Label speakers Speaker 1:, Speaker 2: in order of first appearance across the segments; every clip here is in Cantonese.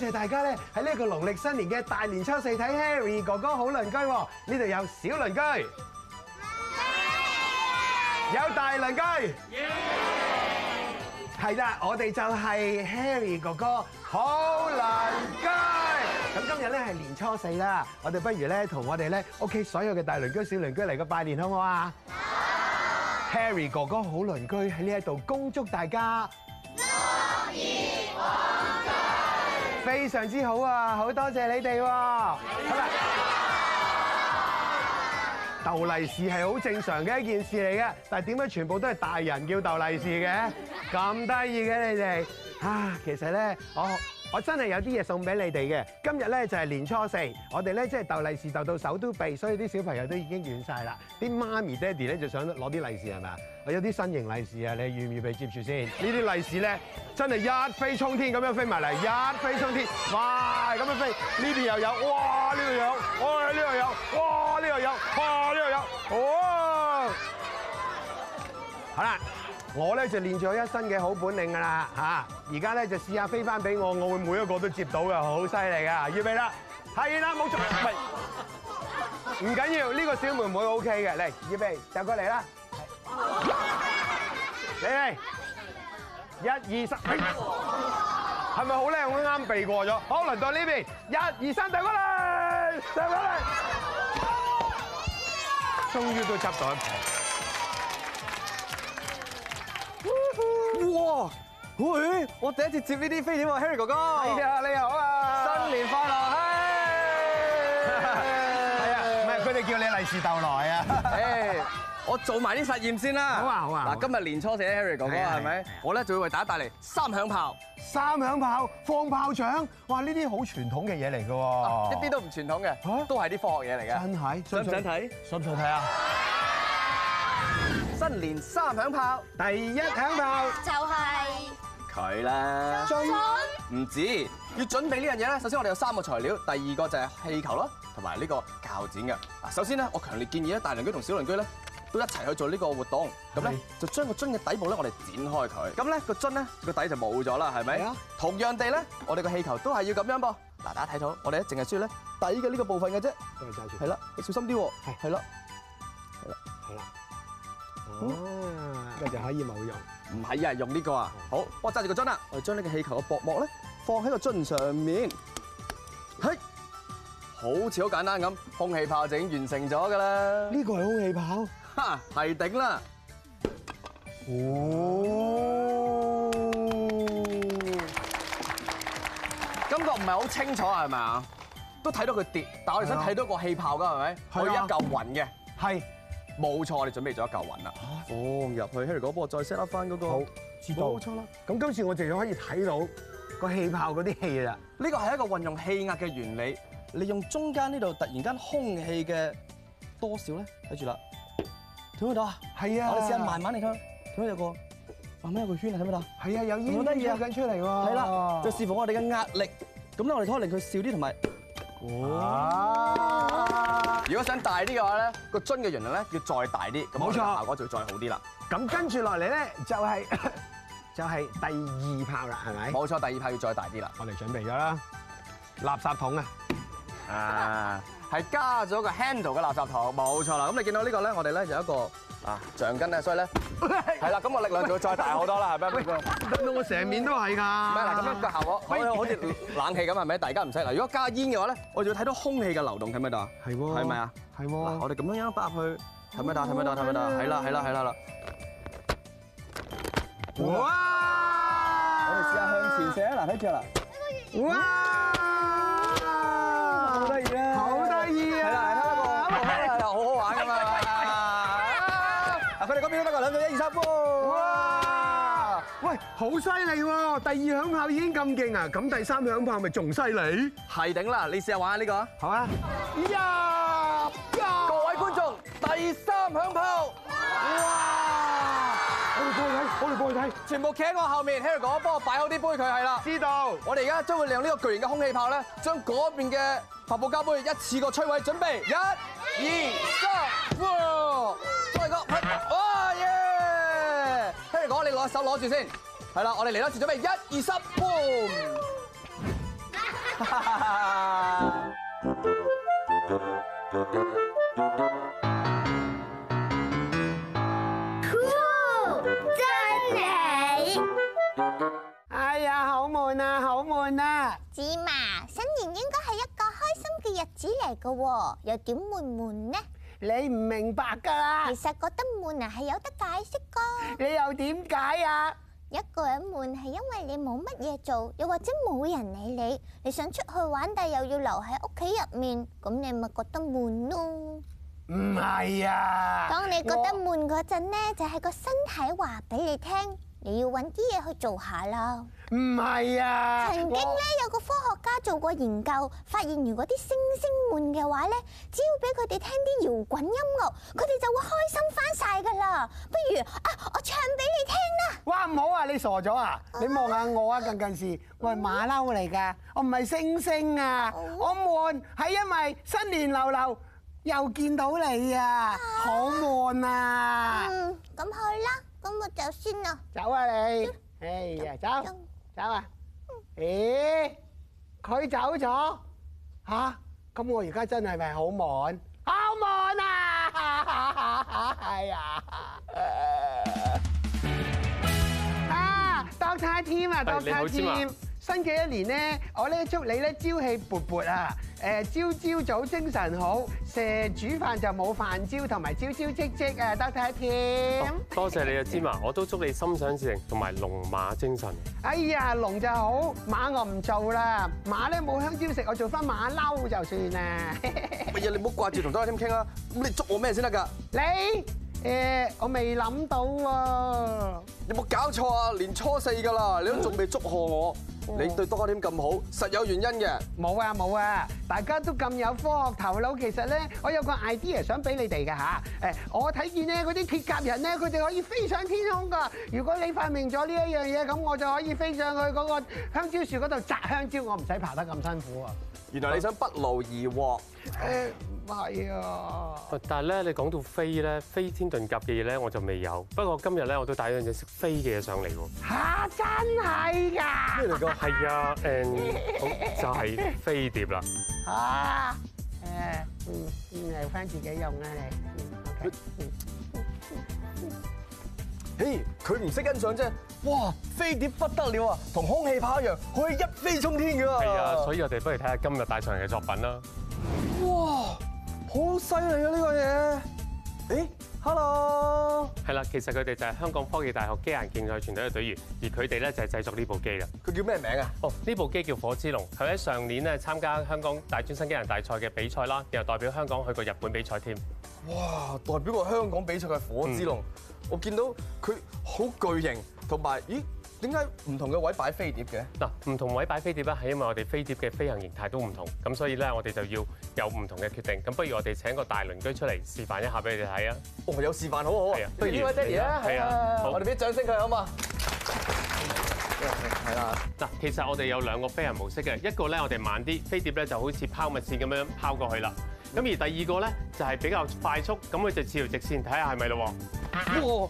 Speaker 1: 多謝大家咧，喺呢個農曆新年嘅大年初四睇 Harry 哥哥好鄰居，呢度有小鄰居，有大鄰居，係啦，我哋就係 Harry 哥哥好鄰居。咁今日咧係年初四啦，我哋不如咧同我哋咧屋企所有嘅大鄰居、小鄰居嚟個拜年，好唔好啊？好。Harry 哥哥好鄰居喺呢一度恭祝大家。非常之好啊，好多謝你哋喎。逗利 是係好正常嘅一件事嚟嘅，但係點解全部都係大人叫逗利是嘅？咁得意嘅你哋啊，其實咧，我。我真係有啲嘢送俾你哋嘅，今日咧就係年初四，我哋咧即係鬥利是鬥，鬥到手都痹，所以啲小朋友都已經軟晒啦，啲媽咪爹哋咧就想攞啲利是係咪？我有啲新型利是啊，你願唔願意畀接住先？呢啲利是咧真係一飛沖天咁樣飛埋嚟，一飛沖天，哇咁樣飛，呢邊又有，哇呢度有，哇呢度有，哇呢度有，哇呢度有，哇呢度有，哇呢度有，哇好啦。我咧就練咗一身嘅好本領㗎啦，吓而家咧就試下飛翻俾我，我，我會每一個都接到嘅，好犀利噶！預備啦，係啦，冇錯，唔緊要，呢個小妹妹 O K 嘅，嚟，預備！就過嚟啦，
Speaker 2: 嚟，一二三，
Speaker 1: 係咪好靚？我啱避過咗，好，輪到呢邊，一二三，就過嚟，就過嚟，終於都執到。
Speaker 3: 哦，喂！我第一次接呢啲飛碟喎，Harry 哥哥。你好
Speaker 1: 啊，你好啊，新年快樂！係
Speaker 3: 啊，咩佢哋叫你利是逗來啊。誒，我做埋啲實驗先啦。好啊，好啊。嗱，今日年初四，Harry 哥哥係咪？我咧就會為大家帶嚟三響炮、
Speaker 1: 三響炮放炮仗。哇，呢啲好傳統嘅嘢嚟㗎喎，一啲都唔傳統嘅，都係啲科
Speaker 3: 學嘢嚟嘅。真係想唔想睇？想唔想睇啊？新年三響炮，第一響炮一就係佢啦。樽唔呢止，要準備呢樣嘢咧。首先我哋有三個材料，第二個就係氣球咯，同埋呢個教剪嘅。嗱，首先咧，我強烈建議咧，大鄰居同小鄰居咧都一齊去做呢個活動。咁咧是的 就將個樽嘅底部咧，我哋剪開佢。咁咧、那個樽咧個底部就冇咗啦，係咪？啊。是的 同樣地咧，我哋個氣球都係要咁樣噃。嗱，大家睇到我哋咧，淨係需要咧底嘅呢個部分嘅啫。都係揸住。係啦，你小心啲喎。係係啦。啦的，係啦。啊！跟住可以冇用？唔係啊，用呢個啊。好，我揸住個樽啦，我將呢個氣球嘅薄膜咧放喺個樽上面。係，好似好簡單咁，空氣炮就已經完成咗噶啦。呢個係空氣炮？哈，係頂啦。哦，感覺唔係好清楚係咪啊？都睇到佢跌，但我哋想睇到個氣泡噶係咪？係啊。我一嚿雲嘅。係。冇錯，我哋準備咗一嚿雲啦。啊、哦，入去希爾高波，再 set up 翻嗰個。好，知道冇錯啦。咁今次我哋就可以睇到個氣泡嗰啲氣啦。呢個係一個運用氣壓嘅原理，利用中間呢度突然間空氣嘅多少咧。睇住啦，睇唔到
Speaker 1: 啊？係啊。我哋試下慢
Speaker 3: 慢嚟睇，睇乜嘢個？慢慢有一個圈啊，睇唔到？係啊，有煙，有煙出緊出嚟喎。係啦、啊，就視乎我哋嘅壓力。咁咧，我哋可以令佢少啲同埋。哦、啊。
Speaker 2: 啊
Speaker 3: 如果想大啲嘅話咧，個樽嘅容量咧要再大啲，咁冇錯，效果就會再好啲啦。咁跟住落嚟咧，就係就係第二炮啦，係咪？冇錯，第二炮要再大啲啦。我哋準備咗啦，垃圾桶啊！啊！Uh. 係加咗個 handle 嘅垃圾筒，冇錯啦。咁你見到呢個咧，我哋咧就有一個啊橡筋咧，所以咧係啦，咁個力量就再大好多啦，係咪？咁樣我成面都係㗎。係啦？咁樣嘅效果，可以好似冷氣咁係咪？大家唔使，嗱，如果加煙嘅話咧，我就要睇到空氣嘅流動喺邊度啊？係喎。係咪啊？係喎。我哋咁樣搭入去，喺邊度？喺邊度？喺邊度？係啦，係啦，係啦啦。哇！我哋試下向前寫啊！嗱，睇住啦。哇！好得意啦。好。
Speaker 1: 哇！喂，好犀利喎！第二響炮已經咁勁啊，咁第三響炮咪仲犀利？係頂啦！你試下玩下呢個，好嗎？呀！各位觀眾，第三響炮！哇！
Speaker 3: 我哋幫佢睇，全部企喺我後面，Harry 哥幫我擺好啲杯，佢係啦。知道。我哋而家將會用呢個巨型嘅空氣炮咧，將嗰邊嘅瀑布膠杯一次過摧毀，準備一、二、三！我手攞住先，係啦，我哋嚟咯，住準備，一二三，boom！
Speaker 2: 真美！哎呀，好悶啊，好悶啊！芝麻，新年應該係一個開心嘅日子嚟噶，又點悶悶呢？你唔明白噶啦，其實覺得悶啊係有得解釋個，你又點解啊？一個人悶係因為你冇乜嘢做，又或者冇人理你，你想出去玩但又要留喺屋企入面，咁你咪覺得悶咯？唔係啊，當你覺得悶嗰陣呢，是啊、就係個身體話俾你聽。你要搵啲嘢去做下啦。唔係啊，曾經咧我有個科學家做過研究，發現如果啲星星悶嘅話咧，只要俾佢哋聽啲搖滾音樂，佢哋就會開心返晒㗎喇。不如啊，我唱俾你聽啦、啊。
Speaker 1: 哇唔好啊，你傻咗啊？啊你望下我啊，近近時我係馬騮嚟㗎，我唔係星星啊，哦、我悶係因為新年流流
Speaker 2: 又見到你啊，啊好悶啊。嗯，咁去啦。咁我走先啦，走啊你！哎呀，走，走啊！咦，
Speaker 1: 佢走咗，吓？咁我而家真係咪好忙？好忙啊！哎呀！啊，當差添啊，當差添。新嘅一年咧，我咧祝你咧朝氣勃勃啊！誒，朝朝早精神好，食煮飯就冇飯焦，同埋朝朝積積誒得睇添。
Speaker 4: 多謝你啊芝麻，我都祝你心想事成同埋龍馬精神。
Speaker 1: 哎呀，龍就好，馬我唔做啦，馬咧冇香蕉食，我做翻馬騮就算啦。乜嘢你唔
Speaker 3: 好掛住同多啦添傾啊！咁你祝我咩先得噶？
Speaker 1: 你誒，我未諗到
Speaker 3: 喎。有冇搞錯啊？年初四噶啦，你都仲未祝賀我？你對
Speaker 1: 多一點咁好，實有原因嘅啊。冇啊冇啊，大家都咁有科學頭腦，其實咧，我有個 idea 想俾你哋嘅嚇。誒，我睇見咧嗰啲鐵甲人咧，佢哋可以飛上天空㗎。如果你發明咗呢一樣嘢，咁我就可以飛上去嗰個香蕉樹嗰度摘香蕉，我唔使爬得咁辛苦
Speaker 4: 啊。原來你想不勞而獲。誒的。呃係啊，但係咧，你講到飛咧，飛天遁甲嘅嘢咧，我就未有。不過今日咧，我都帶咗隻識飛嘅嘢上嚟喎。
Speaker 2: 吓，真係噶？咩嚟噶？係 啊，誒，
Speaker 4: 就係飛碟啦。吓，誒，嗯，留翻、 啊嗯、自己用啦你。嗯，OK。
Speaker 1: 嗯。
Speaker 3: 嘿，佢唔識欣賞啫。哇，飛碟不得了啊，同空氣炮一樣，可以一飛沖天噶。係啊，所
Speaker 4: 以我哋不如睇下今日帶上嚟嘅作品啦。
Speaker 3: 哇！好犀利啊！呢個嘢，誒，欸，hello，
Speaker 4: 係啦，其實佢哋就係香港科技大學機械人競賽團隊嘅隊員，而佢哋咧就係製作呢部機㗎。佢叫咩名啊？哦，呢部機叫火之龍，佢喺上年咧參加香港大專生機械人大賽嘅比賽啦，又代表香港去過日本比賽添。
Speaker 3: 哇！代表過香港比賽嘅火之龍，嗯，我見到佢好巨型，同埋咦。點解唔同嘅位擺飛碟嘅？
Speaker 4: 嗱，唔同位擺飛碟啦，係因為我哋飛碟嘅飛行形態都唔同，咁所以咧我哋就要有唔同嘅決定。咁不如我哋請一個大鄰居出嚟示範一下俾你哋睇啊！哦，有示範好好，不如邊位爹哋啊？係啊，我哋俾
Speaker 3: 啲掌聲佢啊嘛！
Speaker 4: 係啊，嗱、啊，其實我哋有兩個飛行模式嘅，一個咧我哋慢啲，飛碟咧就好似拋物線咁樣拋過去啦。咁、嗯、而第二個咧就係比較快速，咁佢就似條直線，睇下係咪咯喎！哇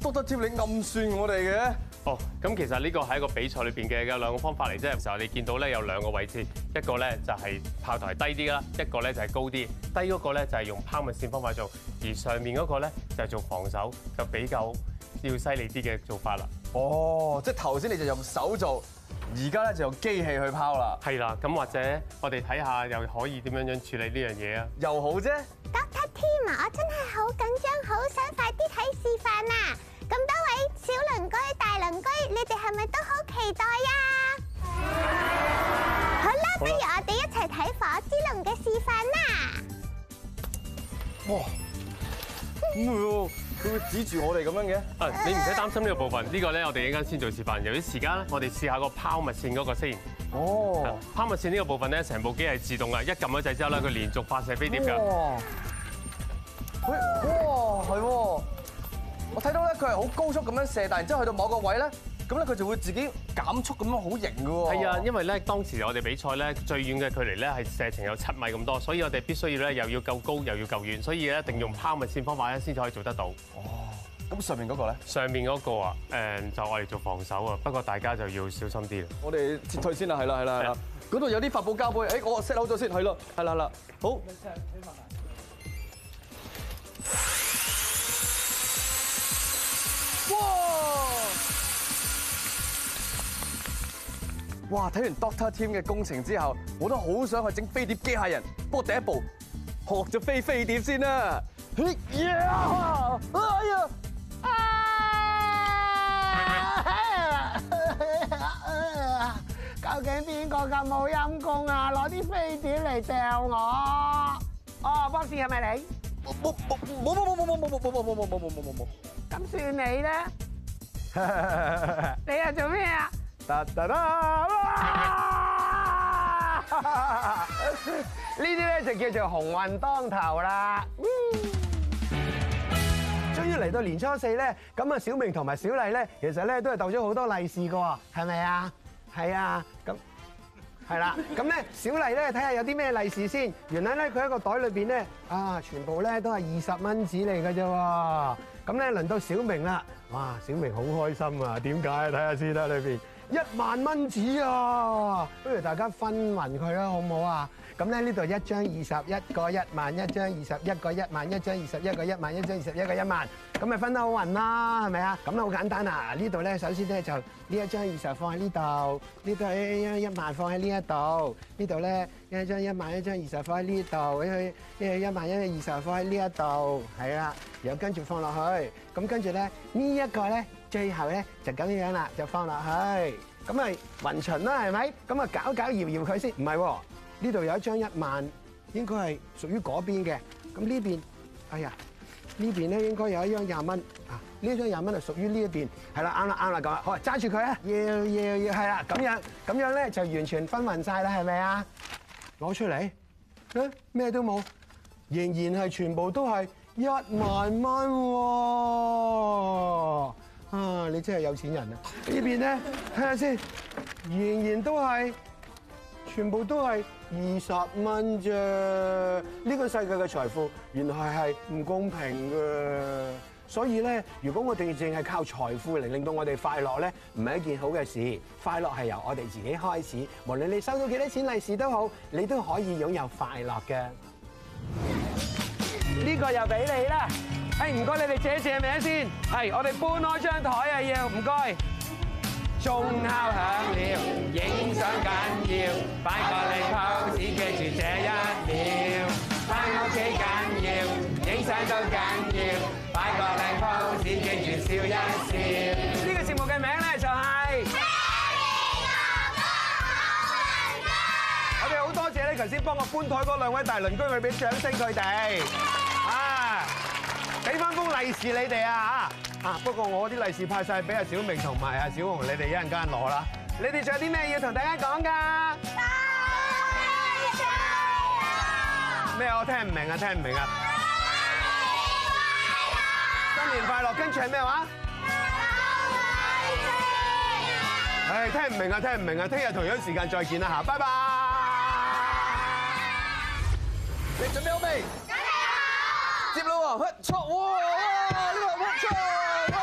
Speaker 4: 多、哦、得 c 你暗算我哋嘅！哦，咁其實呢個係一個比賽裏面嘅兩個方法嚟啫。有時候你見到咧有兩個位置，一個咧就係炮台低啲啦，一個咧就係高啲。低嗰個咧就係用拋物線方法做，而上面嗰個咧就係做防守，就比較要犀利啲嘅做法啦。
Speaker 3: 哦，即係頭先你就用手做，
Speaker 4: 而家咧就用機器去拋啦。係啦，咁或者我哋睇下又可以點樣樣處理呢樣嘢啊？又好啫，Dr.
Speaker 2: 添啊，我真係好緊張，好想快啲睇示範啊！咁多位。小鄰居、大鄰居，你哋係咪都好期待啊？嗯、好啦，不如我哋一齊睇火之龍嘅示範啦。
Speaker 3: 哇！咁啊，佢會指住我哋咁樣嘅？
Speaker 4: 啊， 你唔使擔心呢個部分，呢、這個咧我哋一陣間先做示範。由於時間咧，我哋試下個拋物線嗰個先。哦。拋物線呢個部分咧，成部機係自動嘅，一撳咗掣之後咧，佢連續發射飛
Speaker 3: 碟噶。哦，誒，哇，係喎。我睇到咧，佢係好高速咁樣射，但係然之後去到某個位咧，咁咧佢就會自己減速咁樣好型嘅喎。係啊，
Speaker 4: 因為咧當時我哋比賽咧最遠嘅距離咧係射程有七米咁多，所以我哋必須要咧又要夠高又要夠遠，所以一定用拋物線方法咧先可以做得到。哦，咁上面嗰個咧？上面嗰個啊，誒就我哋做防守啊，不過大家就要小心啲。我哋撤退先啦，係啦，係啦，係啦。
Speaker 3: 嗰度有啲發泡膠杯，誒我 set 好咗先，係咯，係啦啦，好。哇！睇完 Doctor Tim 嘅工程之後，我都好想去整飛碟機械人。不過第一步學咗飛飛碟先啦。
Speaker 2: 咦呀！啊！
Speaker 1: 究竟邊個咁冇陰功啊？攞啲飛碟嚟掟我！哦，博士係咪你？冇
Speaker 3: 冇冇冇冇冇冇冇冇冇冇冇冇冇冇冇冇
Speaker 1: 冇冇冇冇冇冇冇冇冇冇冇冇冇冇冇冇冇冇呢啲咧就叫做鴻運當頭啦！終於嚟到年初四咧，咁啊小明同埋小麗咧，其實咧都係逗咗好多利是噶，係咪啊？係啊，咁係啦，咁咧小麗咧睇下有啲咩利是先。原來咧佢喺個袋裏邊咧啊，全部咧都係二十蚊紙嚟噶啫。咁咧輪到小明啦，哇，小明好開心啊！點解啊？睇下先啦，裏邊。一萬蚊紙啊！不如大家分勻佢啦，好唔好啊？咁咧呢度一張二十一個一萬，一張二十一個一萬，一張二十一個一萬，一張二十一個一萬。咁咪分得好勻啦，係咪啊？咁啊好簡單啊！呢度咧首先咧就呢一張二十放喺呢度，呢度一張一萬放喺呢一度，呢度咧一張一萬，一張二十放喺呢度，一張一萬，一張二十放喺呢一度，係啦，然後跟住放落去，咁跟住咧呢一個咧。最後咧就咁樣啦，就放落去咁咪勻循啦，係咪咁啊？搞搞搖搖佢先，唔係呢度有一張一萬，應該係屬於嗰邊嘅。咁呢邊，哎呀呢邊咧應該有一張廿蚊啊！呢張廿蚊係屬於呢一邊，係啦，啱啦啱啦咁啊！好啊，揸住佢啊！要要要，係啦，咁樣咁樣咧就完全分勻晒啦，係咪啊？攞出嚟啊！咩都冇，仍然係全部都係一萬蚊喎。啊！你真係有錢人啊！呢邊咧，睇下先，仍然都係，全部都係二十蚊啫。呢個世界嘅財富原來係唔公平嘅。所以咧，如果我哋淨係靠財富嚟令到我哋快樂咧，唔係一件好嘅事。快樂係由我哋自己開始。無論你收到幾多錢利是都好，你都可以擁有快樂嘅。呢個又俾你啦。誒唔該，你哋寫住個名先。係，我哋搬開張台啊！要唔該，鐘敲響了，影相緊要，擺個靚 pose，記住這一秒。返屋企緊要，影相都緊要，擺個靚 pose，記住笑一笑。呢個節目嘅名咧就係。我哋好多謝咧，頭先幫我搬台嗰兩位大鄰居，裏邊掌聲佢哋。啊！俾翻封利是你哋啊！啊，不過我啲利是派晒俾阿小明同埋阿小紅，你哋一陣間攞啦。你哋仲有啲咩要同大家講噶？新年快樂！咩？我聽唔明啊！聽唔明啊！新年快樂！跟住係咩話？新年快樂！聽唔明啊！聽唔明啊！聽日同樣時間再見啦吓，拜拜你準備。對唔住，好
Speaker 3: 未？唔錯喎，呢個唔錯喎，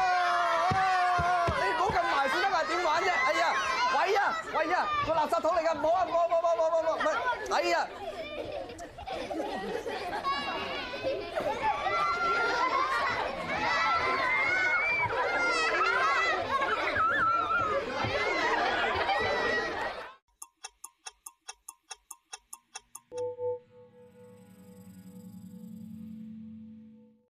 Speaker 3: 你唔好咁埋線得埋點玩啫，哎呀，喂呀，喂呀，個垃圾桶嚟㗎，唔好啊，唔好，唔好，唔好，唔好，唔係，哎呀！